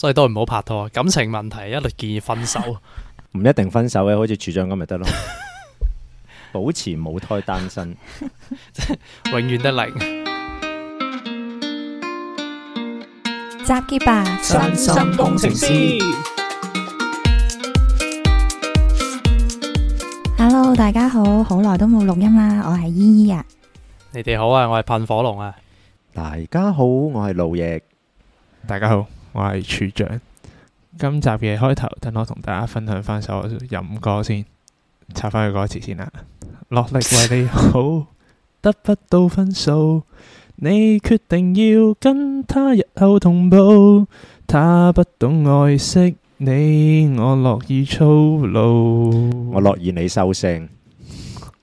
所以都唔好拍拖，感情問題一律建議分手。唔一定分手嘅，好似處長咁咪得咯，保持母胎單身，永遠得嚟。集結吧，身心工程師。Hello，大家好，好耐都冇錄音啦，我係依依啊。你哋好啊，我係噴火龍啊。大家好，我係路易。大家好。我係處長，今集嘅開頭，等我同大家分享翻首飲歌，歌先，插翻佢歌詞先啦。落力為你好， 得不到分數，你決定要跟他日後同步，他不懂愛惜你，我樂意操勞。我樂意你收聲，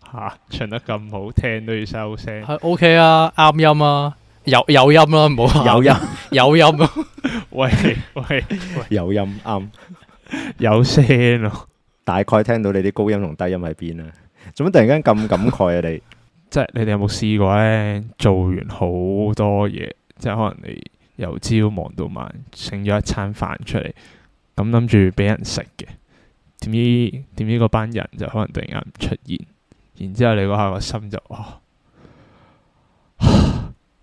吓、啊、唱得咁好聽都要收聲，係 OK 啊，啱音啊。有有音咯，冇。有音，有音咯。 喂喂，有音啱， 有聲咯。大概聽到你啲高音同低音喺邊啊？做乜突然間咁感慨啊？ 你即係你哋有冇試過咧？做完好多嘢，即係可能你由朝忙到晚，剩咗一餐飯出嚟，咁諗住俾人食嘅，點知點知嗰班人就可能突然間唔出現，然之後你嗰下個心就、哦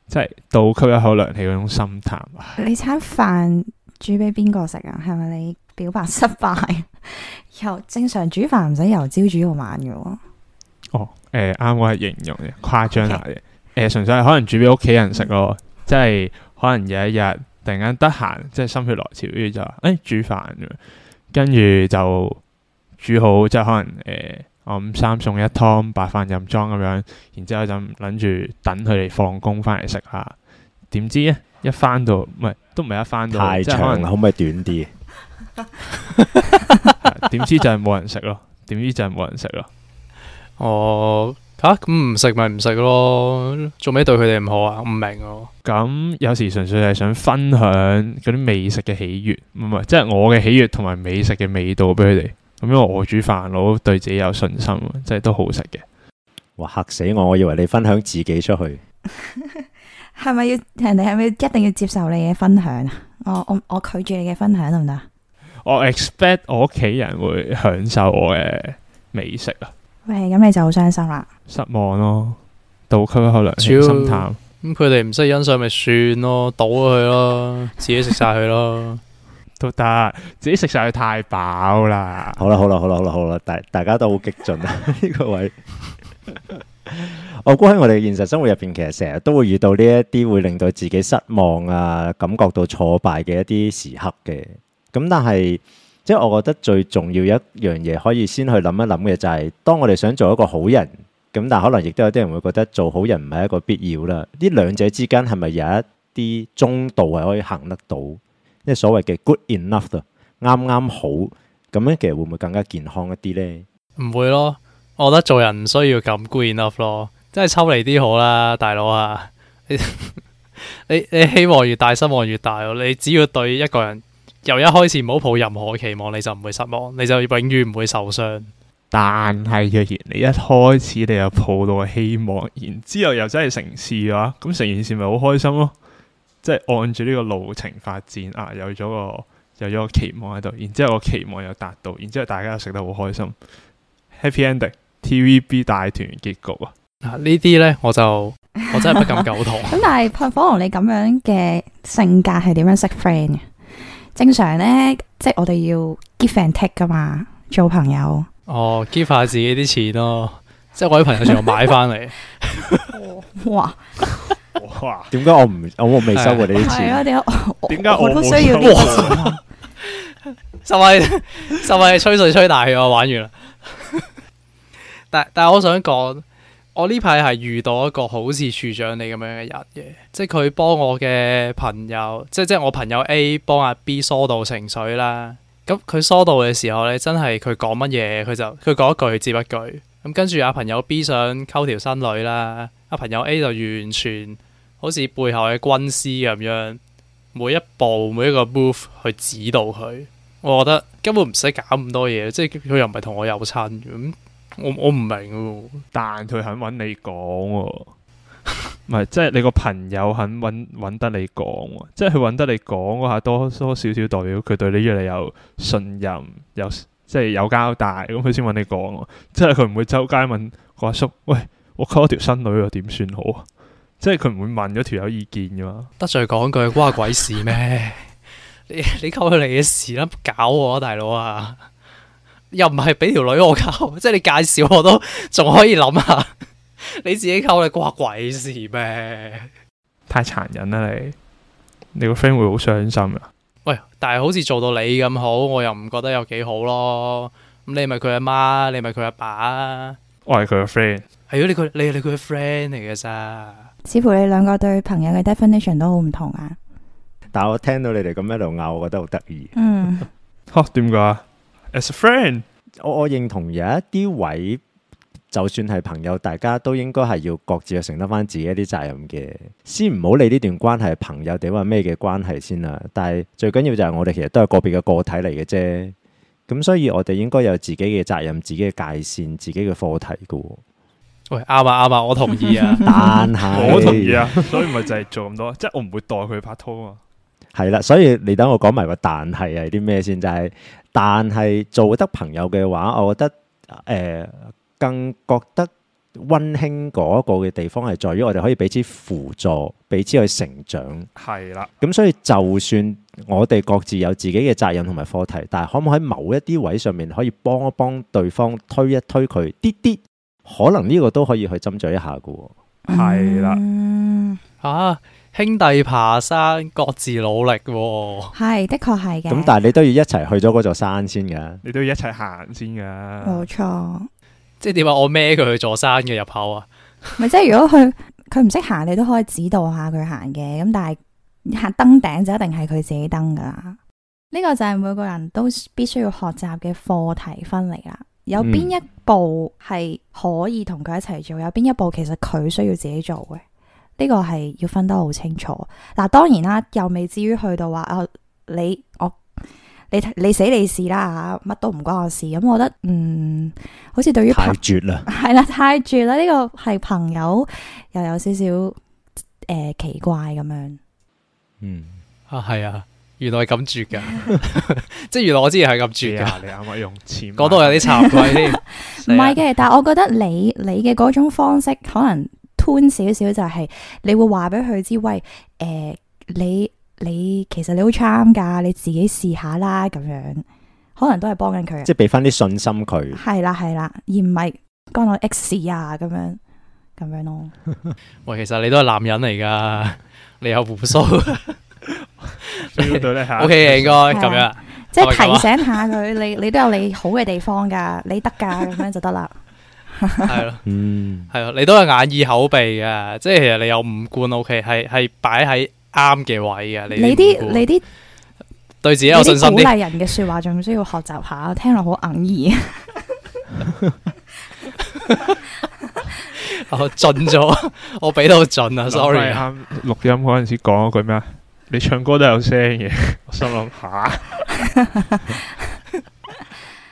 即係倒吸一口涼氣嗰種心淡啊！你餐飯煮俾邊個食啊？係咪你表白失敗？ 由正常煮飯唔使由朝煮到晚嘅。哦，誒、呃，啱我係形容嘅，誇張下嘅，誒 Okay.、呃，純粹係可能煮俾屋企人食咯，Okay. 即係可能有一日突然間得閒，即係心血來潮，跟住就話誒、哎、煮飯，跟住就煮好，即係可能誒。呃我、嗯、三餸一湯白飯任裝咁樣，然之後就諗住等佢哋放工翻嚟食下。點知咧一翻到唔係都唔係一翻到太長啦，可唔可，可以短啲？點知、 嗯、就係冇人食咯，點知就係冇人食咯。哦嚇咁唔食咪唔食咯，做咩對佢哋唔好啊？唔明哦、啊。咁、嗯嗯、有時純粹係想分享嗰啲美食嘅喜悅，唔、嗯、係即係我嘅喜悅同埋美食嘅味道俾佢哋。因為我煮飯，我對自己有信心，即係都好食嘅。哇吓死我！我以為你分享自己出去，係咪 要人哋係咪一定要接受你嘅分享啊？我我我拒絕你嘅分享得唔得？行行我 expect 我屋企人會享受我嘅美食啊。喂， 咁你就好傷心啦，失望咯，倒吸一口涼氣，心淡。咁佢哋唔識欣賞咪算咯，倒佢咯， 自己食晒佢咯。 都得，自己食晒去太飽啦。好啦，好啦，好啦，好啦，好啦，大大家都好激進啊！呢 個位， 我估喺我哋現實生活入邊，其實成日都會遇到呢一啲會令到自己失望啊，感覺到挫敗嘅一啲時刻嘅。咁但係，即係我覺得最重要一樣嘢，可以先去諗一諗嘅就係，當我哋想做一個好人，咁但係可能亦都有啲人會覺得做好人唔係一個必要啦。呢兩者之間係咪有一啲中道係可以行得到？即係所謂嘅 good enough 啊，啱啱好咁樣，其實會唔會更加健康一啲呢？唔會咯，我覺得做人唔需要咁 good enough 咯，即係抽離啲好啦，大佬啊！ 你你希望越大，失望越大咯。你只要對一個人由一開始唔好抱任何期望，你就唔會失望，你就永遠唔會受傷。但係若然你一開始你又抱到希望，然之後又真係成事嘅話，咁成件事咪好開心咯？即係按住呢個路程發展啊，有咗個有咗個期望喺度，然之後個期望又達到，然之後大家又食得好開心，Happy Ending，TVB 大團圓結局啊！啊，呢啲呢，我就我真係不敢苟同。咁 但係噴火龍，你咁樣嘅性格係點樣識 friend 嘅？正常呢，即係我哋要 give and take 噶嘛，做朋友。哦，give 下自己啲錢咯，即係我啲朋友全部買翻嚟。哇！哇！點解我唔哇我未收過你啲錢？點解、啊、我我都需要就係就係吹水吹大氣，我玩完啦。 但但我想講，我呢排係遇到一個好似處長你咁樣嘅人嘅，即係佢幫我嘅朋友，即係即係我朋友 A 幫阿 B 疏導情緒啦。咁佢疏導嘅時候咧，真係佢講乜嘢，佢就佢講一句接一句。咁跟住阿朋友 B 想溝條新女啦，阿朋友 A 就完全。好似背後嘅軍師咁樣，每一步每一個 move 去指導佢，我覺得根本唔使搞咁多嘢，即係佢又唔係同我有親，我我唔明，但佢肯揾你講、啊，唔 係即係你個朋友肯揾揾得你講、啊，即係佢揾得你講嗰下多多少少代表佢對你越嚟越有信任，有即係有交代，咁佢先揾你講、啊，即係佢唔會周街問阿叔，叔，喂，我溝咗條新女又點算好啊？即係佢唔會問嗰條友意見嘅嘛？得罪講句關鬼事咩？ 你你溝佢嚟嘅事啦，搞我大佬啊！啊 又唔係俾條女我溝我，即係你介紹我都仲可以諗下， 你自己溝你關鬼事咩？太殘忍啦你！你個 friend 會好傷心啊！喂，但係好似做到你咁好，我又唔覺得有幾好咯。咁你咪佢阿媽，你咪佢阿爸啊？我係佢個 friend，係咯？你佢你係佢個 friend 嚟嘅咋？似乎你兩個對朋友嘅 definition 都好唔同啊！但係我聽到你哋咁一度拗，我覺得好得意。嗯， 哦，點解？As a friend，我我認同有一啲位，就算係朋友，大家都應該係要各自去承擔翻自己啲責任嘅。先唔好理呢段關係朋友定話咩嘅關係先啊。但係最緊要就係我哋其實都係個別嘅個體嚟嘅啫。咁所以我哋應該有自己嘅責任、自己嘅界線、自己嘅課題嘅。喂，啱啊啱啊，我同意啊。但係我同意啊，所以咪就係做咁多，即係我唔會代佢拍拖啊。係啦，所以你等我講埋個但係係啲咩先，就係但係做得朋友嘅話，我覺得誒，更覺得溫馨嗰個嘅地方係在於我哋可以彼此輔助，彼此去成長。係啦，咁所以就算我哋各自有自己嘅責任同埋課題，但係可唔可以喺某一啲位上面可以幫一幫對方，推一推佢啲啲？可能呢個都可以去斟酌一下嘅、啊，係啦、嗯，吓、啊、兄弟爬山各自努力、啊，係的確係嘅。咁但係你都要一齊去咗嗰座山先噶、啊，你都要一齊行先噶、啊，冇錯錯。即係點話，我孭佢去座山嘅入口啊？咪 即係如果佢佢唔識行，你都可以指導下佢行嘅。咁但係行登頂就一定係佢自己登噶啦。呢、這個就係每個人都必須要學習嘅課題分嚟啦。有邊一步係可以同佢一齊做？有邊一步其實佢需要自己做嘅？呢、這個係要分得好清楚。嗱、啊，當然啦，又未至於去到話啊、呃，你我你你死你事啦吓，乜都唔關我事。咁我覺得，嗯，好似對於太絕啦，係啦、啊，太絕啦，呢、這個係朋友又有少少誒奇怪咁樣。嗯，啊係啊。原來係咁住噶， 即係原來我之前係咁住噶！你可唔可以用錢、啊，嗰度有啲慚愧添。唔係嘅，但係我覺得你你嘅嗰種方式可能 turn 少少，就係你會話俾佢知，喂，誒，你你其實你好 charm 噶，你自己試下啦，咁樣可能都係幫緊佢，即係俾翻啲信心佢。係啦係啦，而唔係干我 X 啊，咁樣咁樣咯。 喂，其實你都係男人嚟噶，你有鬍鬚。OK 啊，應該咁樣，即係提醒下佢，你你都有你好嘅地方噶，你得噶咁樣就得啦，係咯，係咯，你都有眼耳口鼻嘅，即係其實你有五官 OK，係係擺喺啱嘅位嘅，你啲你啲對自己有信心啲，鼓勵人嘅說話仲需要學習下，聽落好硬耳，我盡咗，我俾到盡啊，sorry，啱錄音嗰陣時講句咩啊？你唱歌都有聲嘅，我心諗下。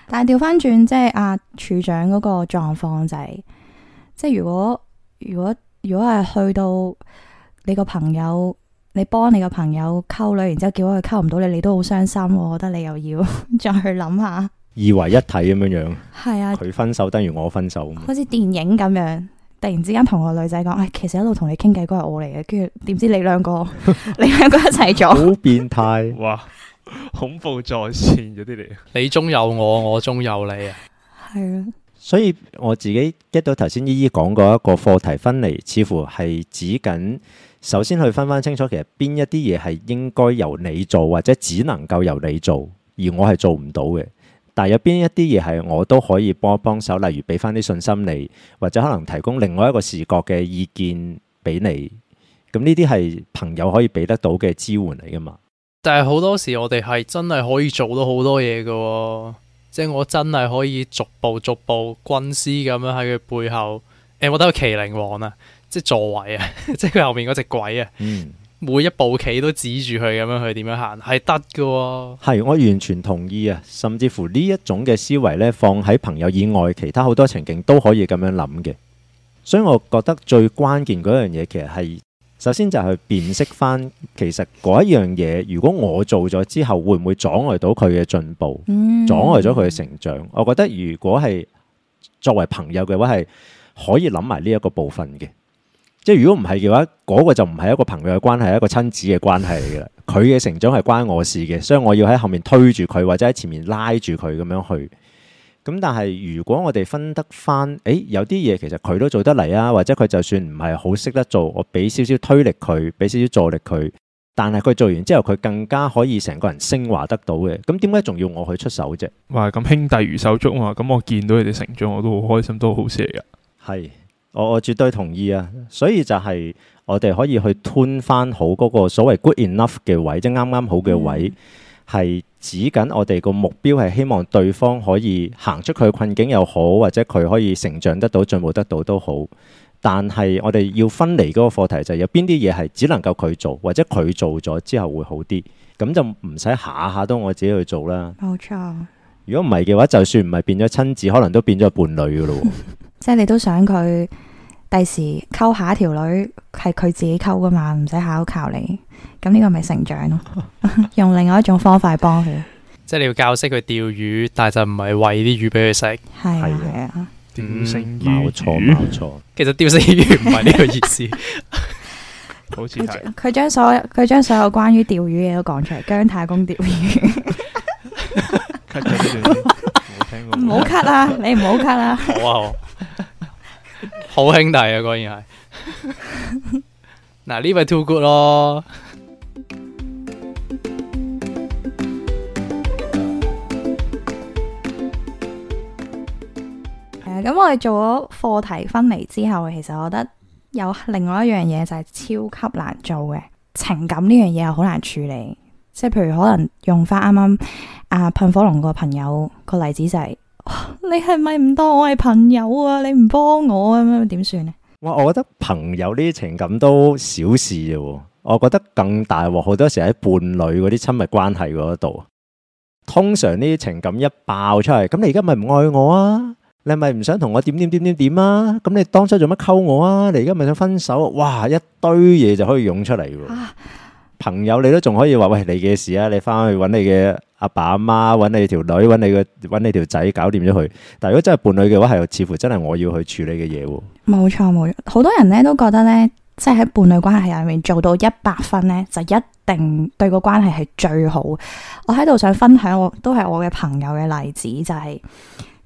但係調翻轉，即係阿、啊、處長嗰個狀況就係、是，即係如果如果如果係去到你個朋友，你幫你個朋友溝女，然之後叫佢溝唔到你，你都好傷心。我覺得你又要 再去諗下。二為一體咁樣樣，係 啊，佢分手等於我分手，好似電影咁樣。突然之間同個女仔講，誒，其實一路同你傾偈嗰係我嚟嘅，跟住點知你兩個你兩個一齊咗，好變態哇！恐怖在線嗰啲嚟，你中有我，我中有你啊，係啊。所以我自己 get 到頭先依依講過一個課題分離，似乎係指緊首先去分翻清楚，其實邊一啲嘢係應該由你做，或者只能夠由你做，而我係做唔到嘅。但係有邊一啲嘢係我都可以幫一幫手，例如俾翻啲信心你，或者可能提供另外一個視角嘅意見俾你。咁呢啲係朋友可以俾得到嘅支援嚟噶嘛？但係好多時我哋係真係可以做到好多嘢嘅，哦，即係我真係可以逐步逐步軍師咁樣喺佢背後。誒，我有得睇《麒麟王》啊？即係座位啊！ 即係佢後面嗰隻鬼啊！嗯。每一步棋都指住佢咁樣去點樣行，係得㗎。係，我完全同意啊，甚至乎呢一種嘅思維呢，放喺朋友以外，其他好多情景都可以咁樣諗嘅。所以我覺得最關鍵嗰樣嘢，其實係首先就係辨識翻，其實嗰一樣嘢，如果我做咗之後，會唔會阻礙到佢嘅進步？阻礙咗佢嘅成長。嗯。我覺得如果係作為朋友嘅話，係可以諗埋呢一個部分嘅。即係如果唔係嘅話，嗰個就唔係一個朋友嘅關係，一個親子嘅關係嚟嘅。佢嘅成長係關我事嘅，所以我要喺後面推住佢，或者喺前面拉住佢咁樣去。咁但係如果我哋分得翻，誒，有啲嘢其實佢都做得嚟啊，或者佢就算唔係好識得做，我俾少少推力佢，俾少少助力佢，但係佢做完之後，佢更加可以成個人升華得到嘅。咁點解仲要我去出手啫？哇！咁兄弟如手足啊嘛，咁我見到你哋成長，我都好開心，都好事嚟噶。係。我我絕對同意啊！所以就係我哋可以去吞翻好嗰個所謂 good enough 嘅位，即係啱啱好嘅位，係、嗯、指緊我哋個目標係希望對方可以行出佢嘅困境又好，或者佢可以成長得到、進步得到都好。但係我哋要分離嗰個課題就係有邊啲嘢係只能夠佢做，或者佢做咗之後會好啲，咁就唔使下下都我自己去做啦。冇錯。如果唔係嘅話，就算唔係變咗親子，可能都變咗伴侶噶咯。 即係你都想佢第時溝下一條女，係佢自己溝噶嘛，唔使考靠你。咁呢個咪成長咯， 用另外一種方法幫佢。即係你要教識佢釣魚，但係就唔係餵啲魚俾佢食。係啊，釣生冇錯冇錯。嗯、魚其實釣生魚唔係呢個意思。 好似係佢將所有佢將所有關於釣魚嘢都講出嚟，姜太公釣魚。唔好、 那個、cut, cut 好啊！你唔好 cut 啊！好啊好兄弟啊，果然係。嗱，呢位 too good 咯。係啊，咁我哋做咗課題分離之後，其實我覺得有另外一樣嘢就係超級難做嘅情感呢樣嘢又好難處理，即係譬如可能用翻啱啱啊噴火龍個朋友個例子就係、是。你係咪唔當我係朋友啊？你唔幫我啊？咁樣點算咧？哇，我覺得朋友呢啲情感都小事嘅。我覺得更大鑊，好多時喺伴侶嗰啲親密關係嗰度，通常呢啲情感一爆出嚟，咁你而家咪唔愛我啊？你係咪唔想同我點點點點點啊？咁你當初做乜溝我啊？你而家咪想分手？哇！一堆嘢就可以湧出嚟嘅。啊朋友，你都仲可以話喂，你嘅事啊，你翻去揾你嘅阿爸阿媽，揾你條女，揾你個揾你條仔，搞掂咗佢。但係如果真係伴侶嘅話，係似乎真係我要去處理嘅嘢喎。冇錯冇錯，好多人咧都覺得呢，即係喺伴侶關係入面做到一百分呢，就一定對個關係係最好。我喺度想分享我，都我都係我嘅朋友嘅例子，就係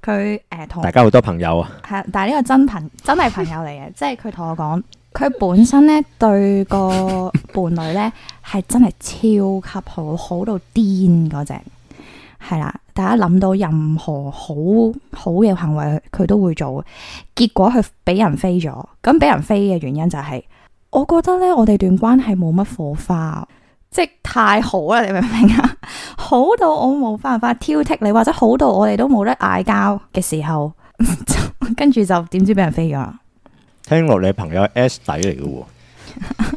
佢誒同大家好多朋友啊。係，但係呢個真朋真係朋友嚟嘅， 即係佢同我講，佢本身呢對個。 伴侶咧，係真係超級好好到癲嗰隻係啦，大家諗到任何好好嘅行為，佢都會做。結果佢俾人飛咗，咁俾人飛嘅原因就係、是，我覺得咧我哋段關係冇乜火花，即係太好啦，你明唔明啊？ 好到我冇辦法挑剔你，或者好到我哋都冇得嗌交嘅時候，跟 住就點 知俾人飛咗？聽落你朋友 S 底嚟嘅喎。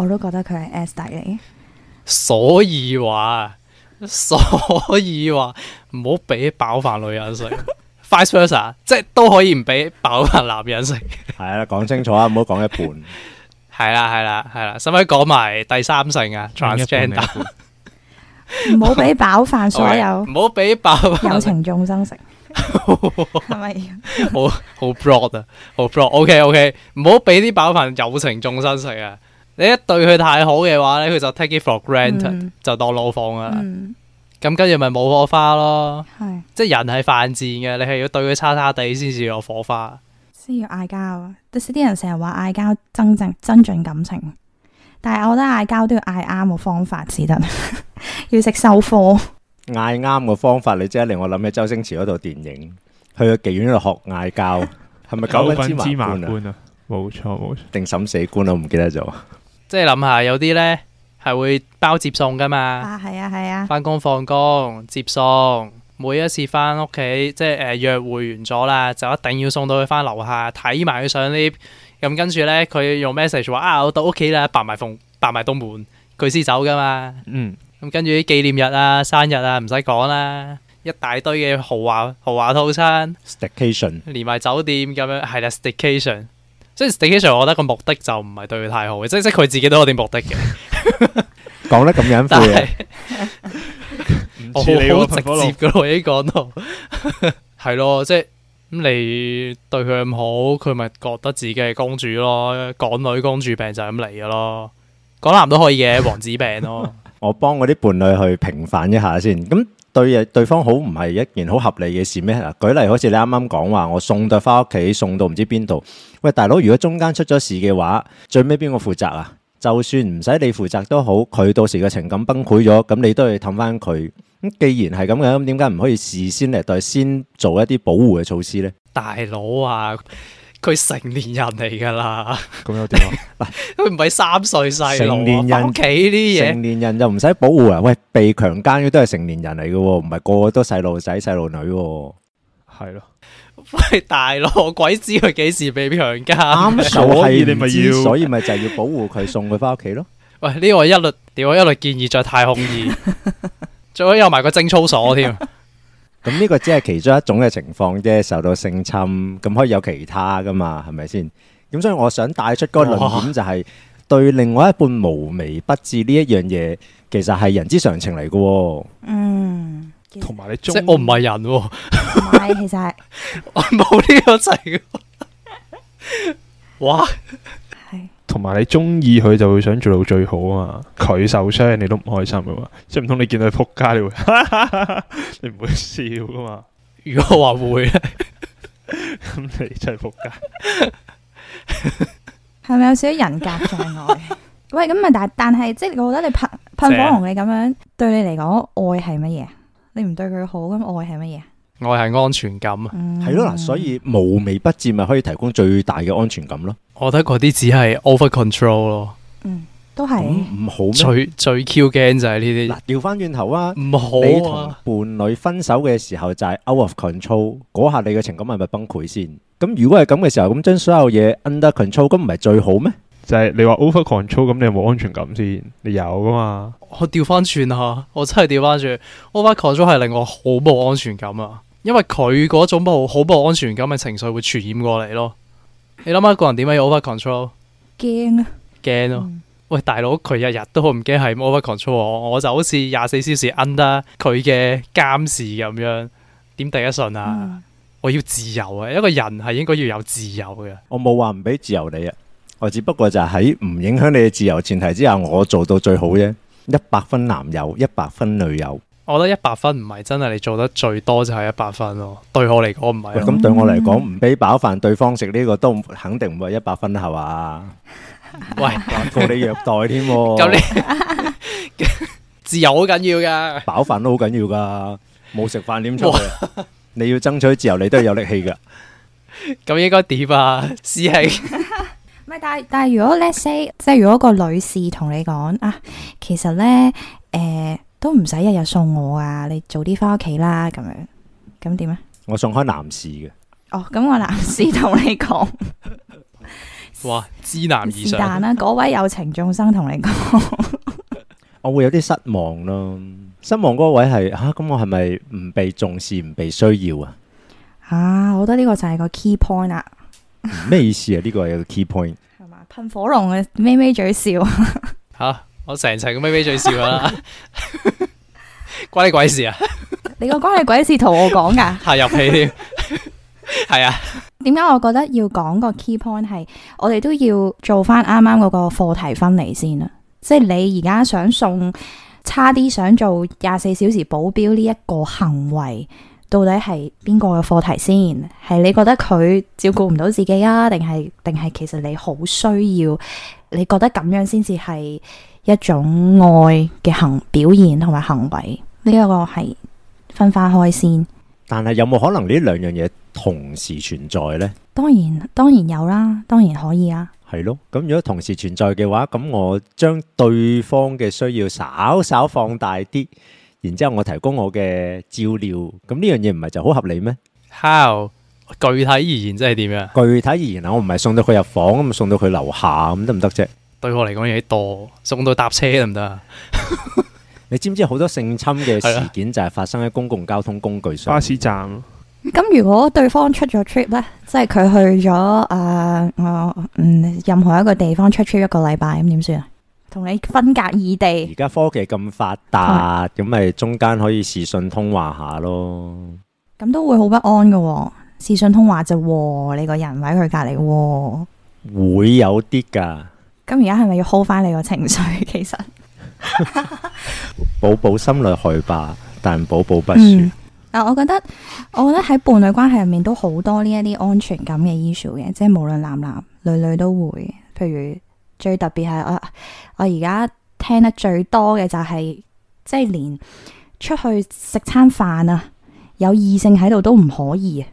我都覺得佢係 ASD 嚟，所以話，所以話唔好俾飽飯女人食，vice versa，即係都可以唔俾飽飯男人食。係啦， 講清楚啊，唔好講一半。係啦 transgender，係啦，係啦，使唔使講埋第三性啊？transgender，唔好俾飽飯所有，唔好俾飽飯友情眾生食，係咪？好好 broad 啊，好 broad。OK，OK，唔好俾啲飽飯友情眾生食啊！你一對佢太好嘅話咧，佢就 take it for granted，就當老奉啦。咁跟住咪冇火花咯。係，即係人係犯賤嘅，你係要對佢叉叉地先至有火花，先要嗌交。啊，啲人成日話嗌交增進增進感情，但係我覺得嗌交都要嗌啱個方法至得，要識收貨。嗌啱個方法，你即刻令我諗起周星馳嗰套電影，去咗妓院度學嗌交，係咪九品芝麻官啊？冇錯冇錯，定審死官我唔記得咗。即係諗下，有啲咧係會包接送噶嘛。啊，係啊，係啊。翻工放工接送，每一次翻屋企，即係誒約會完咗啦，就一定要送到佢翻樓下睇埋佢上 lift。咁跟住咧，佢用 message 話啊，我到屋企啦，閉埋縫，閉埋東門，佢先走噶嘛。嗯。咁跟住啲紀念日啊、生日啊，唔使講啦，一大堆嘅豪華豪華套餐，staycation 連埋酒店咁樣係啦，staycation。即係通常，我覺得個目的就唔係對佢太好嘅，即係即係佢自己都有啲目的嘅。講得咁隱晦。 但是 啊！我好直接噶，我已經講到係咯，即係咁你對佢咁好，佢咪覺得自己係公主咯？港女公主病就咁嚟噶咯，港男都可以嘅王子病咯，啊。 我幫我啲伴侶去平反一下先咁。對誒，對方好唔係一件好合理嘅事咩？舉例好似你啱啱講話，我送到翻屋企，送到唔知邊度。喂，大佬，如果中間出咗事嘅話，最尾邊個負責啊？就算唔使你負責都好，佢到時個情感崩潰咗，咁你都要氹翻佢。咁既然係咁樣，咁點解唔可以事先嚟到先做一啲保護嘅措施呢？大佬啊！佢成年人嚟噶啦，咁又點啊？佢唔係三歲細人，屋企啲嘢，成年人又唔使保護啊！喂，被強姦嘅都係成年人嚟噶、喎，唔係個個都細路仔細路女、喎，係咯？喂，大佬，鬼知佢幾時被強姦？ 所以你咪要，所以咪就係要保護佢，送佢翻屋企咯？喂，呢、呢個我一律，屌，一律建議在太空二，最好 有埋個貞操鎖添。 咁呢個只係其中一種嘅情況啫，受到性侵，咁可以有其他噶嘛，係咪先？咁所以我想帶出嗰個論點就係、係、哇對另外一半無微不至呢一樣嘢，其實係人之常情嚟嘅。嗯，同埋你即我唔係人，唔係，其實我冇呢 個情， 哇！同埋你中意佢就會想做到最好啊嘛，佢受傷你都唔開心啊嘛，即係唔通你見到佢仆街你會， 你唔會笑噶嘛？如果我會話會咧，咁 你真係仆街，係 咪有少少人格障礙？ 喂，咁咪但但係即係我覺得你噴噴火同你咁樣對你嚟講，愛係乜嘢？你唔對佢好，咁愛係乜嘢？我係安全感啊，係咯，嗱，所以無微不至咪可以提供最大嘅安全感咯。我覺得嗰啲只係 over control 咯，嗯，都係唔好咩，最最 q 驚就係呢啲。嗱，調翻轉頭啊，唔好你同伴侶分手嘅時候就係 out of control，嗰下你嘅情感係咪崩潰先？咁如果係咁嘅時候，咁將所有嘢 under control，咁唔係最好咩？就係你話 over control，咁你有冇安全感先？你有噶嘛？我調翻轉啊，我真係調翻轉，over control 係令我好冇安全感啊！因為佢嗰種冇好冇安全感嘅情緒會傳染過嚟咯，你諗下一個人點解 over control？驚怕啊！驚咯！喂，大佬佢日日都好唔驚係 over control 我，我就好似廿四小時 under 佢嘅監視咁樣，點第一順啊？嗯、我要自由啊！一個人係應該要有自由嘅。我冇話唔俾自由你啊，我只不過就係喺唔影響你嘅自由前提之下，我做到最好啫。一百分男友，一百分女友。我覺得一百分唔係真係你做得最多就係一百分咯，對我嚟講唔係。咁對我嚟講唔俾飽飯對方食呢、這個都肯定唔係一百分係嘛？喂，同你虐待添？咁 自由好緊要噶，飽飯都好緊要噶，冇食飯點做？哇你要爭取自由，你都係有力氣噶。咁 應該點啊？施氣 ？唔係，但但如果 let's say，即係如果個女士同你講啊，其實呢……呃，誒。都唔使日日送我啊！你早啲翻屋企啦，咁樣咁點啊？樣樣我送開男士嘅。哦，咁我男士同你講。 哇，知難而上啦！嗰位有情眾生同你講， 我會有啲失望咯。失望嗰位係啊？咁我係咪唔被重視、唔被需要啊？啊，我覺得呢個就係個 key point 啦。咩意思啊？呢、呢個有個 key point 係嘛？噴火龍嘅，咩咩嘴笑啊！ 我成層咪咪最笑啦，關你鬼事啊！你個關你鬼事同我講噶，係 入戲戲添了，係 是啊？點解我覺得要講個 key point 係我哋都要做翻啱啱嗰個課題分離先啊！即係你而家想送差啲，想做廿四小時保鏢呢一個行為，到底係邊個嘅課題先？係你覺得佢照顧唔到自己啊？定係定係其實你好需要？你覺得咁樣先至係？一種愛嘅行表現同埋行為，呢一個係分化開先。但係有冇可能呢兩樣嘢同時存在呢？當然，當然有啦，當然可以呀。係咯，咁如果同時存在嘅話，咁我將對方嘅需要稍稍放大啲，然之後我提供我嘅照料，咁呢樣嘢唔係就好合理咩？How？具體而言即係點啊？具體而言啊，我唔係送到佢入房，咁送到佢樓下，咁得唔得啫？對我嚟講嘢，多送到搭車得唔得啊？行行。 你知唔知好多性侵嘅事件就係發生喺公共交通工具上巴士站、咁、 嗯、如果對方出咗 trip 咧，即係佢去咗，誒，我、呃、嗯任何一個地方出 trip 一個禮拜，咁點算啊？同你分隔異地。而家科技咁發達，咁咪、嗯、中間可以視訊通話下咯？咁都會好不安噶，視訊通話就你個人位佢隔籬，會有啲噶。咁而家係咪要 hold 翻你個情緒？其實，寶寶心裏害怕，但寶寶不舒。嗱、嗯，我覺得，我覺得喺伴侶關係入面都好多呢一啲安全感嘅 issue 嘅，即係無論男男、女女都會。譬如最特別係，我我而家聽得最多嘅就係、是，即、就、係、是、連出去食餐飯啊，有異性喺度都唔可以。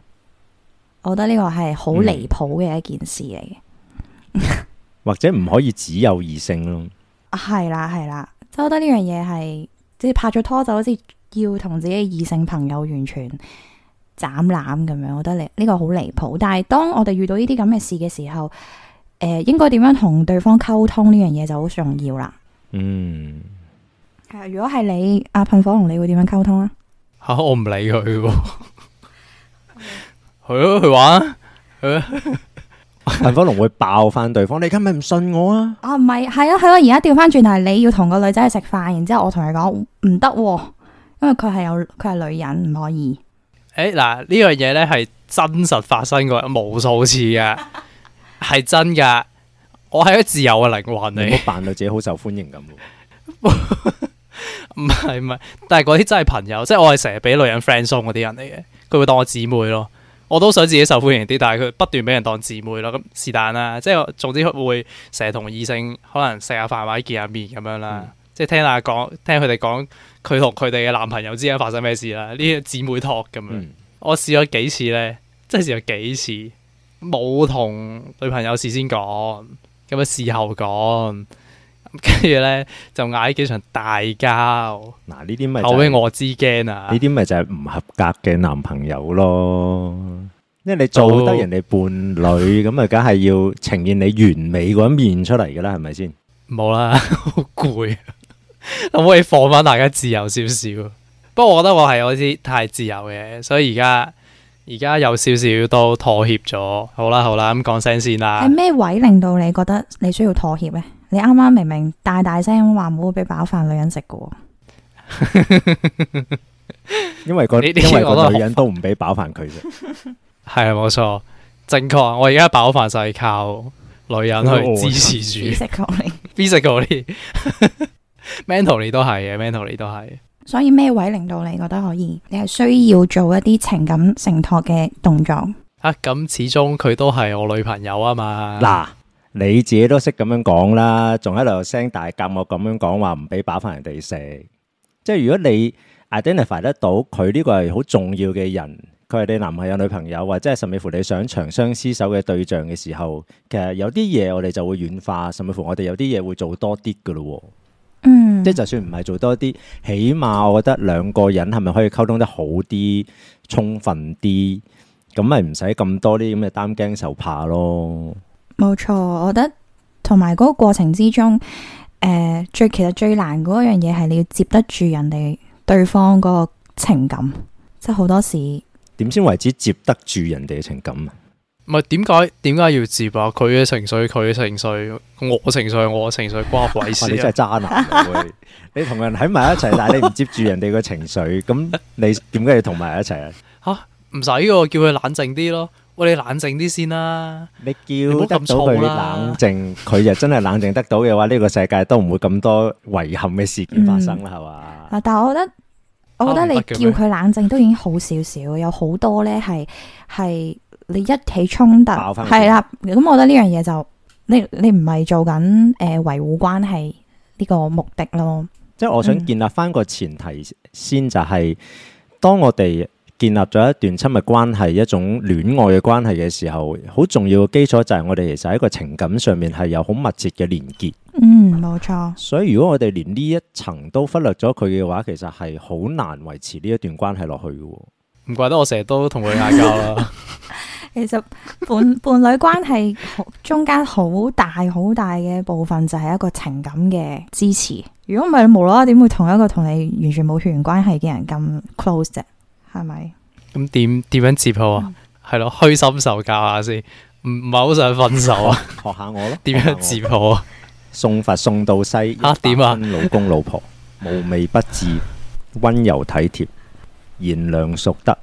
我覺得呢個係好離譜嘅一件事嚟嘅。嗯 或者唔可以只有異性咯，係啦係啦，即係覺得呢樣嘢係即係拍咗拖，就，是、拖就好似要同自己異性朋友完全斬纜咁樣，我覺得呢呢個好離譜。但係當我哋遇到呢啲咁嘅事嘅時候，誒、呃，應該點樣同對方溝通、嗯、通呢樣嘢就好重要啦。嗯，係啊，如果係你阿噴火龍，你會點樣溝通啊？吓，我唔理佢，去咯去玩。 他玩 噴火龍會爆翻對方，你今咪唔信我啊？啊唔係，係啊係咯，而家調翻轉，係你要同個女仔去食飯，然之後我同你講唔得，因為佢係有佢係女人，唔可以。誒嗱、欸，呢樣嘢咧係真實發生過無數次嘅，係 真噶。我係一個自由嘅靈魂嚟。你扮到自己好受歡迎咁，唔係唔係，但係嗰啲真係朋友， 即係我係成日俾女人 friend 送嗰啲人嚟嘅，佢會當我姊妹咯。我都想自己受歡迎啲，但係佢不斷俾人當姊妹咯。咁是但啦，即係總之佢會成日同異性可能食下飯或者見下面，嗯咁樣啦。即係聽下講，聽佢哋講佢同佢哋嘅男朋友之間發生咩事啦。呢啲姊妹托咁樣，嗯、我試咗幾次呢，即係試咗幾次，冇同女朋友事先講，咁樣事後講。跟住咧就嗌幾場大交，嗱，呢啲咪後背我知驚啊！呢啲咪就係唔合格嘅男朋友咯，因為你做得人哋伴侶咁啊，梗係 要呈現你完美嗰一面出嚟噶啦，係咪先？冇啦有，好 攰累了，可 唔可以放翻大家自由少少。不過我覺得我係好似太自由嘅，所以而家而家有少少都妥協咗。好啦好啦，咁講聲先啦。係咩位令到你覺得你需要妥協咧？你啱啱明明大大聲話冇俾飽飯女人食嘅， 因為啲、那個，因為個女人我都唔俾飽飯佢啫，係 啊冇錯正確。我而家飽飯就係靠女人去支持住，be strong 啲 be strong 啲 mentally 都係嘅 mentally 都係。所以咩位令到你覺得可以？你係需要做一啲情感承托嘅動作啊？咁始終佢都係我女朋友啊嘛。嗱。 你自己都識咁樣講啦，仲喺度有聲大夾我咁樣講話，唔俾把飯人哋食。即係如果你 identify 得到佢呢個係好重要嘅人，佢係你男朋友女朋友，或者係甚至乎你想長相厮守嘅對象嘅時候，其實有啲嘢我哋就會軟化，甚至乎我哋有啲嘢會做多啲噶咯。嗯，mm. 即就算唔係做多啲，起碼我覺得兩個人係咪可以溝通得好啲，充分啲，咁咪唔使咁多啲咁嘅擔驚受怕咯。冇錯，我覺得同埋嗰個過程之中，誒、呃，最其實最難嗰樣嘢係你要接得住人哋對方嗰個情感，即係好多時點先為止接得住人哋嘅情感啊？唔係點解？點解要接佢嘅情緒、佢嘅情緒、我嘅情緒、我嘅情緒關鬼事。 你真係渣男， 你同人喺埋一齊，但係你唔接住人哋嘅情緒，咁 你點解要同埋一齊 啊？吓，唔使嘅，叫佢冷靜啲咯。你冷靜啲先啦。你叫得到佢冷靜，佢、啊、就真係冷靜得到嘅話，呢 個世界都唔會咁多遺憾嘅事件發生啦，係嘛、嗯？吧但係我覺得，我覺得你叫佢冷靜都已經好少少，有好多咧係係你一起衝突，係啦。咁我覺得呢樣嘢就，你你唔係做緊誒維護關係呢個目的咯。即係、嗯、我想建立翻個前提先、就係，就係當我哋。建立咗一段親密關係、一種戀愛嘅關係嘅時候，好重要嘅基礎就係我哋其實喺個情感上面係有好密切嘅連結。嗯，冇錯。所以如果我哋連呢一層都忽略咗佢嘅話，其實係好難維持呢一段關係落去嘅。唔怪得我成日都同佢嗌交啦。其實伴伴侶關係中間好大好大嘅部分就係一個情感嘅支持。如果唔係，無啦啦點會同一個同你完全冇血緣關係嘅人咁 close 啫？ 係咪？咁點點樣接好啊？係咯、嗯，虛心受教下先，唔唔係好想分手啊？ 學下我咯，點樣接好啊？ 送佛送到西，啊，點啊？老公老婆、啊啊、 無微不至，溫柔體貼，賢良淑德，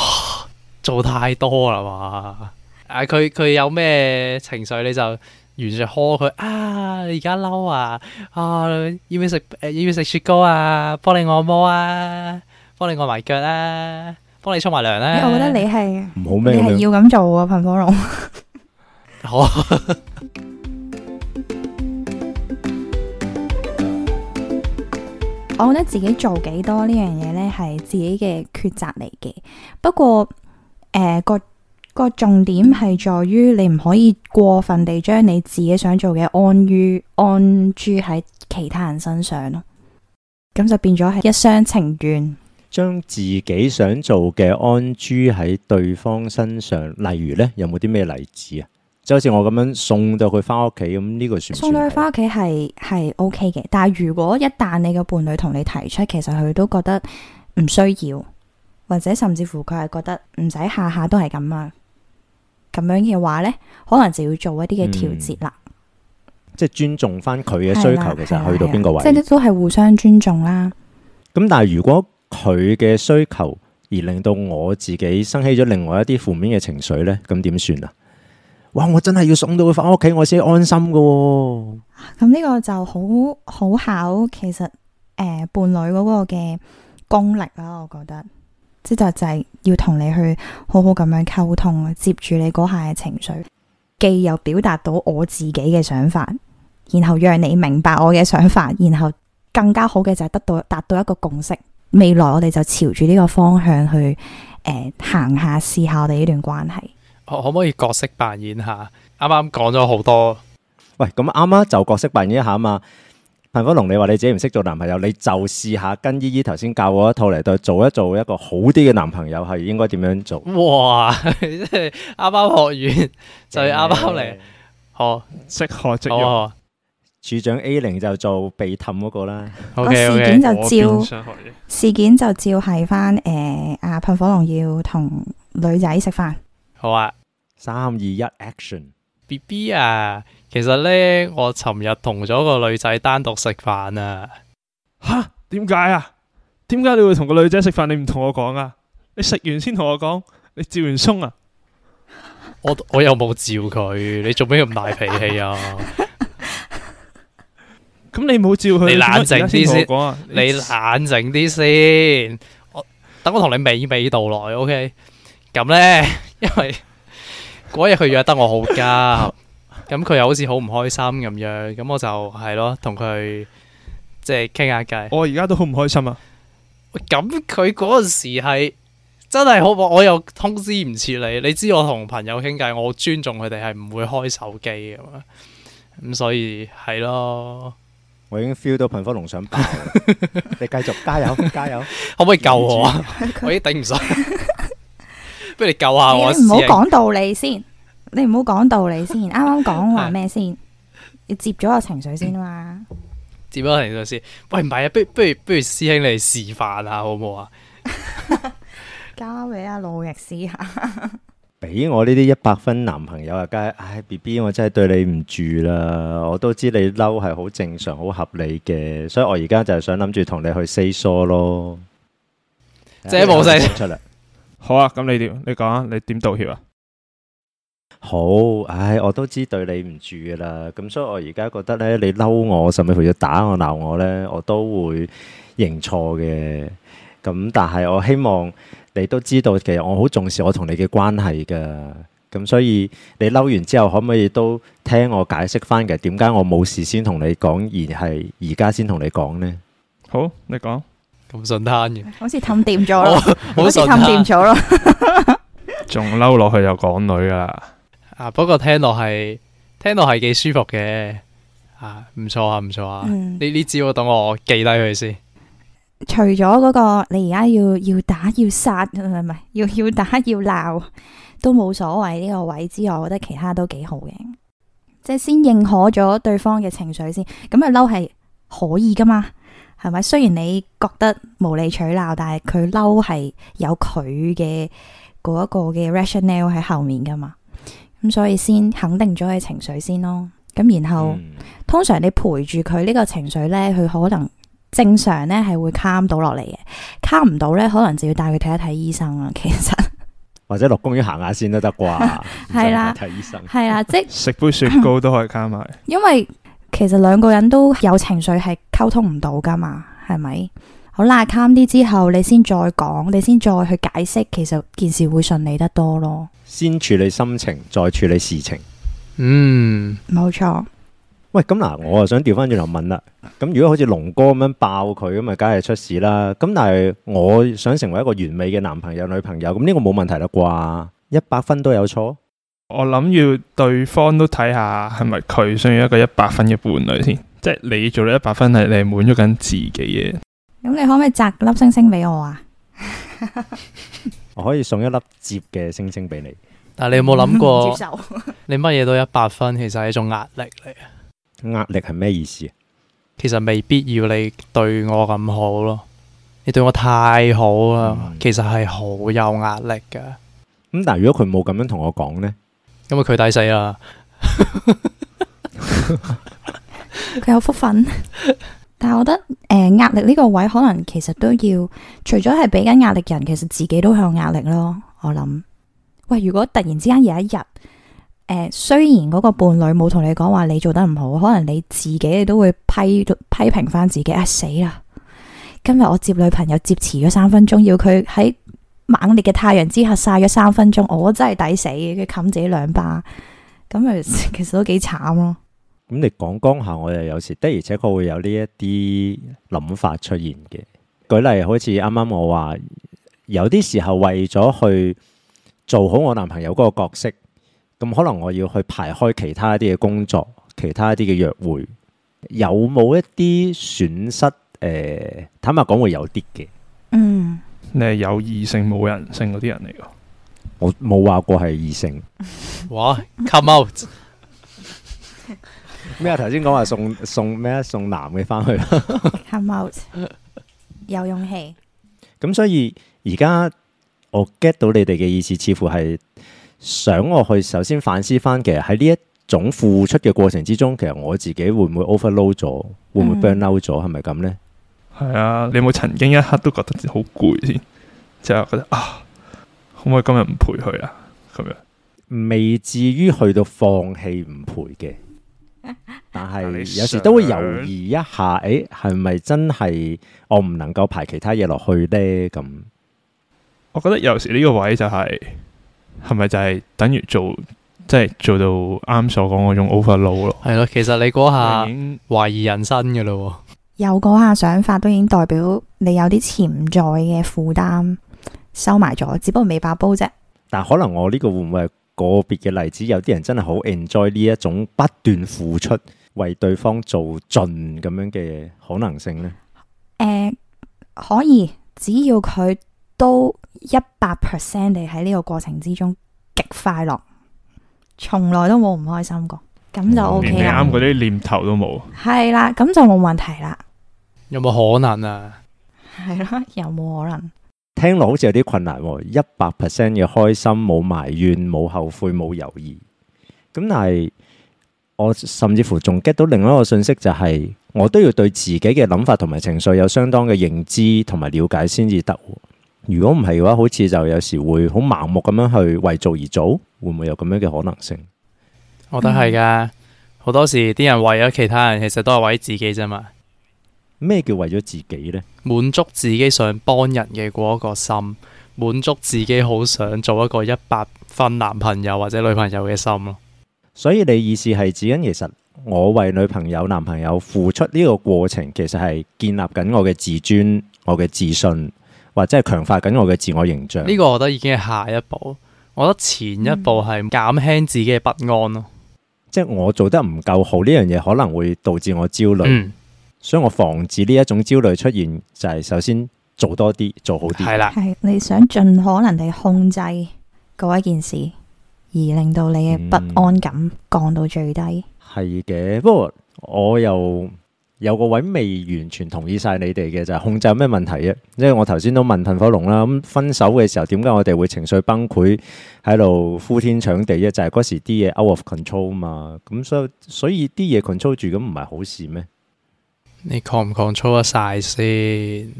做太多啦嘛！啊，佢佢有咩情緒你就完全呵佢啊！你而家嬲啊！啊，要唔要食，啊？要唔要食雪糕啊？幫你按摩啊！幫你按埋腳啦，幫你沖埋涼啦。我覺得你係唔好咩？你係要咁做啊？噴火龍好啊！我覺得自己做幾多呢樣嘢呢，係自己嘅抉擇嚟嘅。不過誒、呃，個個重點係在於你唔可以過分地將你自己想做嘅安於安住喺其他人身上咯。咁就變咗係一廂情願。將自己想做嘅安豬喺對方身上，例如咧，有冇啲咩例子啊？就好似我咁樣送到佢翻屋企，咁、這、呢個算，算送到佢翻屋企係係 O K 嘅。但係如果一旦你嘅伴侶同你提出，其實佢都覺得唔需要，或者甚至乎佢係覺得唔使下下都係咁樣，咁樣嘅話咧，可能就要做一啲嘅調節啦、嗯。即係尊重翻佢嘅需求，其實去到邊個位？即係、就是、都係互相尊重啦。咁但係如果。佢嘅需求而令到我自己生起咗另外一啲負面嘅情緒呢，咁點算啊？哇！我真係要送到佢返屋企，我先安心噶、哦。咁呢個就好好考，其實誒、呃、伴侶嗰個嘅功力啦、啊。我覺得即就就是、係要同你去好好咁樣溝通，啊，接住你嗰下嘅情緒，既又表達到我自己嘅想法，然後讓你明白我嘅想法，然後更加好嘅就係得到達到一個共識。未來我哋就朝住呢個方向去誒行、呃、下試下我哋呢段關係，可唔可以角色扮演下？啱啱講咗好多，喂，咁啱啱就角色扮演一下啊嘛！彭福龍，你話你自己唔識做男朋友，你就試下跟姨姨頭先教我一套嚟，就做一做一個好啲嘅男朋友係應該點樣做？哇！啱 啱學完、嗯、就啱啱嚟學識學識用。處長 A 零，就做被氹嗰個啦，okay, okay, 事件就照事件就照係翻誒啊。噴火龍要同女仔食飯，好啊，三二一 action，B B 啊，其實呢，我尋日同咗個女仔單獨食飯啊。吓？點解啊？點解你會同個女仔食飯？你唔同我講啊？你食完先同我講，你照完鬆啊？ 我我又冇照佢， 你做咩咁大脾氣啊？ 咁你冇照佢，你冷靜啲先，你冷靜啲先。我等我同你娓娓道來，OK？咁呢，因為嗰日佢約得我好急，咁佢又好似好唔開心咁樣，咁我就係咯，同佢即係傾下偈。我而家都好唔開心啊！咁佢嗰陣時係真係好，我又通知唔切你。你知我同朋友傾偈，我尊重佢哋係唔會開手機嘅嘛。咁所以係咯。我已經 feel 到噴火龍想爆。 你繼續加油加油，加油 可唔可以救我啊？我已經頂唔順，不如你救下我。你唔好講道理先， 你唔好講道理先。啱啱講話咩先？ 你接咗個情緒先吖嘛？ 接咗個情緒先。喂，唔係啊，不如不如不如，不如師兄你示範下好唔好啊？好好 交俾阿老易試下。 咦，我呢啲一百分男朋友啊，梗係，唉，B B，我真係對你唔住啦，我都知你嬲係好正常、好合理嘅，所以我而家就係想諗住同你去 say sorry 咯。即係冇聲。出嚟。好啊，咁你點？你講啊，你點道歉啊？好，唉，我都知對你唔住㗎啦，咁所以我而家覺得咧，你嬲我，甚至乎要打我、鬧我咧，我都會認錯嘅。咁但係我希望。你都知道，其實我好重視我同你嘅關係噶，咁所以你嬲完之後，可唔可以都聽我解釋翻嘅？點解我冇事先同你講，而係而家先同你講呢？好，你講咁順攤嘅，順順 好似氹掂咗咯， 好似氹掂咗咯，仲嬲落去就港女噶 啊，不過聽落係聽落係幾舒服嘅，啊，唔錯啊，唔錯啊，啊嗯、你你只要等我，我記低佢先。除咗嗰、那個你而家要要打要殺唔係要要打要鬧都冇所謂呢、這個位之外，我覺得其他都幾好嘅，即係先認可咗對方嘅情緒先，咁佢嬲係可以噶嘛，係咪？雖然你覺得無理取鬧，但係佢嬲係有佢嘅嗰一個嘅 rationale 喺後面噶嘛，咁所以先肯定咗佢情緒先咯，咁然後、嗯、通常你陪住佢呢個情緒咧，佢可能。正常咧係會 calm 倒落嚟嘅，calm 唔到咧，可能就要帶佢睇一睇醫生啦。其實或者落公園行下先都得啩。係啦，睇醫生係啦、 啊， 即食杯雪糕都可以 calm 埋。因為其實兩個人都有情緒係溝通唔到噶嘛，係咪？好啦 calm 啲之後你，你先再講，你先再去解釋，其實件事會順利得多咯。先處理心情，再處理事情。嗯，冇錯。喂，咁嗱、啊，我啊想調翻轉頭問啦。咁如果好似龍哥咁樣爆佢，咁啊梗係出事啦。咁但係我想成為一個完美嘅男朋友、女朋友，咁呢個冇問題啦啩？一百分都有錯？我諗要對方都睇下係咪佢想要一個一百分嘅伴侶先，即係你做到一百分係你滿足緊自己嘅。咁你可唔可以摘粒星星俾我啊？ 我可以送一粒接嘅星星俾你。但係你有冇諗過，你乜嘢都一百分，其實係一種壓力嚟啊？壓力係咩意思？其實未必要你對我咁好咯，你對我太好啦，嗯、其實係好有壓力噶。咁、嗯、但係如果佢冇咁樣同我講呢，咁咪佢抵死啦。佢有福分， 但係我覺得誒，呃、壓力呢個位可能其實都要，除咗係俾緊壓力人，其實自己都有壓力咯。我諗，喂，如果突然之間有一日。誒，uh, 雖然嗰個伴侶冇同你講話，你做得唔好，可能你自己都會批批評翻自己啊！死啦，今日我接女朋友接遲咗三分鐘，要佢喺猛烈嘅太陽之下曬咗三分鐘，我真係抵死，佢冚自己兩巴，咁啊，其實都幾慘咯。咁你講講下，我又有時的而且確會有呢一啲諗法出現嘅。舉例好似啱啱我話，有啲時候為咗去做好我男朋友嗰個角色。咁可能我要去排開其他一啲嘅工作，其他一啲嘅約會，有冇一啲損失？誒、呃，坦白講會有啲嘅。嗯，你係有異性冇人性嗰啲人嚟噶？我冇話過係異性。 哇，Come out 咩啊？頭先講話送送咩啊？送男嘅翻去。 Come out，有勇氣。咁所以而家我 get 到你哋嘅意思，似乎係。想我去，首先反思翻，其實喺呢一種付出嘅過程之中，其實我自己會唔會 overload 咗，會唔會 burn out 咗，係咪咁呢？係、嗯、啊，你有冇曾經一刻都覺得自己好攰先？就覺得啊，可唔可以今日唔陪佢啊？咁樣未至於去到放棄唔陪嘅，但係有時都會猶豫一下，誒、啊，係咪、欸、真係我唔能夠排其他嘢落去呢？咁，我覺得有時呢個位就係、是。係咪就係等於做即係做到啱所講嗰種 overload 咯？係咯，其實你嗰下已經懷疑人生噶咯。有嗰下想法都已經代表你有啲潛在嘅負擔收埋咗，只不過未爆煲啫。但可能我呢個會唔會係個別嘅例子？有啲人真係好 enjoy 呢一種不斷付出為對方做盡咁樣嘅可能性呢？誒、嗯，可以，只要佢。都一百 percent 地喺呢個過程之中極快樂，從來都冇唔開心過。咁就 O K 啦。啱嗰啲念頭都冇，係啦，咁就冇問題啦。有冇可能啊？係啦，有冇可能？聽落好似有啲困難。一百 percent 嘅開心，冇埋怨，冇後悔，冇猶豫。咁但係我甚至乎仲 get 到另一個信息，就係，就係我都要對自己嘅諗法同埋情緒有相當嘅認知同埋了解先至得。如果唔係嘅話，好似就有時會好盲目咁樣去為做而做，會唔會有咁樣嘅可能性？我都係嘅，好多時啲人為咗其他人，其實都係為自己啫嘛。咩叫為咗自己呢？滿足自己想幫人嘅嗰一個心，滿足自己好想做一個一百分男朋友或者女朋友嘅心咯。所以你意思係指緊，其實我為女朋友、男朋友付出呢個過程，其實係建立緊我嘅自尊、我嘅自信。或者係強化緊我嘅自我形象，呢個我覺得已經係下一步。我覺得前一步係減輕自己嘅不安咯，嗯、即係我做得唔夠好呢樣嘢，可能會導致我焦慮。嗯、所以我防止呢一種焦慮出現，就係、是、首先做多啲，做好啲。係啦，係你想盡可能地控制嗰一件事，而令到你嘅不安感降到最低。係嘅、嗯，不過我又。有個位未完全同意晒你哋嘅就係、是、控制有咩問題啊？因為我頭先都問噴火龍啦，咁分手嘅時候點解我哋會情緒崩潰喺度呼天搶地嘅？就係、是、嗰時啲嘢 out of control 嘛，咁所以所以啲嘢 control 住咁唔係好事咩？你 control 唔 control 得晒先，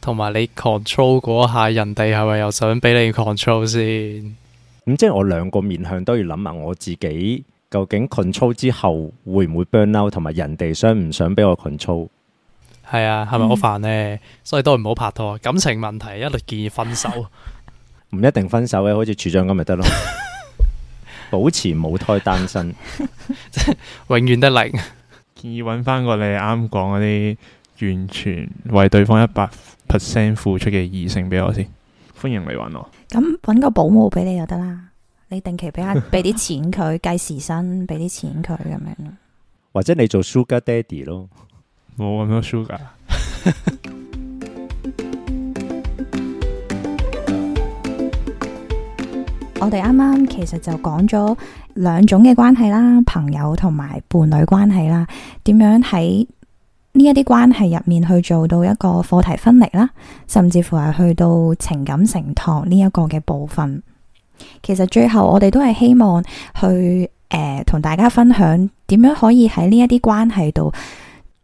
同埋你 control 嗰下人哋係咪又想俾你 control 先？咁即係我兩個面向都要諗下我自己。究竟 control 之後會唔會 burn out，同埋人哋想唔想俾我 control？n 係啊，係咪好煩呢？嗯、所以都唔好拍拖，感情問題一律建議分手。唔 一定分手嘅，好似處長咁咪得咯， 保持母胎單身， 永遠得都零。建議揾翻個你啱講嗰啲，完全為對方一百 percent 付出嘅異性俾我先。歡迎嚟揾我。咁揾個保姆俾你就得啦。你定期俾下，俾啲錢佢計時薪，俾啲錢佢咁樣，或者你做 Sugar Daddy 咯，冇咁多 Sugar。 我哋啱啱其實就講咗兩種嘅關係啦，朋友同埋伴侶關係啦，點樣喺呢一啲關係入面去做到一個課題分離啦，甚至乎係去到情感承托呢一個嘅部分。其實最後我哋都係希望去誒、呃、同大家分享點樣可以喺呢一啲關係度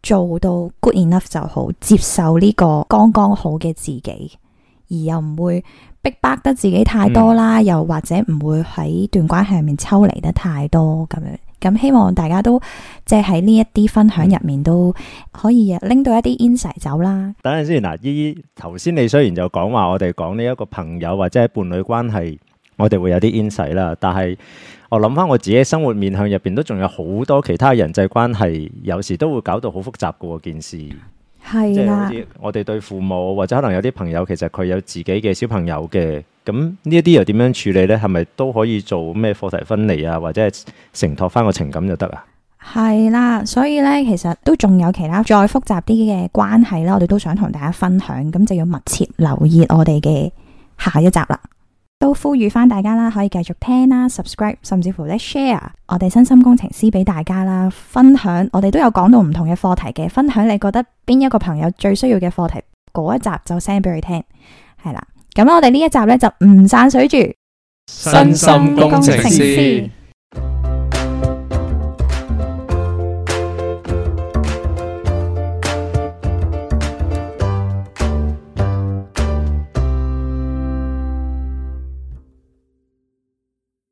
做到 good enough 就好。接受呢個剛剛好嘅自己，而又唔會逼迫得自己太多啦，嗯、又或者唔會喺段關係入面抽離得太多咁樣。咁希望大家都即係喺呢一啲分享入面都可以拎、啊嗯、到一啲 insight 走啦。等陣先嗱，姨姨頭先你雖然就講話我哋講呢一個朋友或者係伴侶關係。我哋會有啲淹死啦，但係我諗翻我自己生活面向入邊，都仲有好多其他人際關係，有時都會搞到好複雜噶件事。係啦，啊，我哋對父母或者可能有啲朋友，其實佢有自己嘅小朋友嘅，咁呢一啲又點樣處理呢？係咪都可以做咩課題分離啊？或者承托翻個情感就得啊？係啦，所以呢，其實都仲有其他再複雜啲嘅關係啦。我哋都想同大家分享，咁就要密切留意我哋嘅下一集啦。都呼籲翻大家啦，可以繼續聽啦，subscribe，甚至乎呢 share 我哋身心工程師俾大家啦，分享我哋都有講到唔同嘅課題嘅，分享你覺得邊一個朋友最需要嘅課題，嗰一集就 send 俾佢聽，係啦，咁我哋呢一集呢，就唔散水住，身心工程師。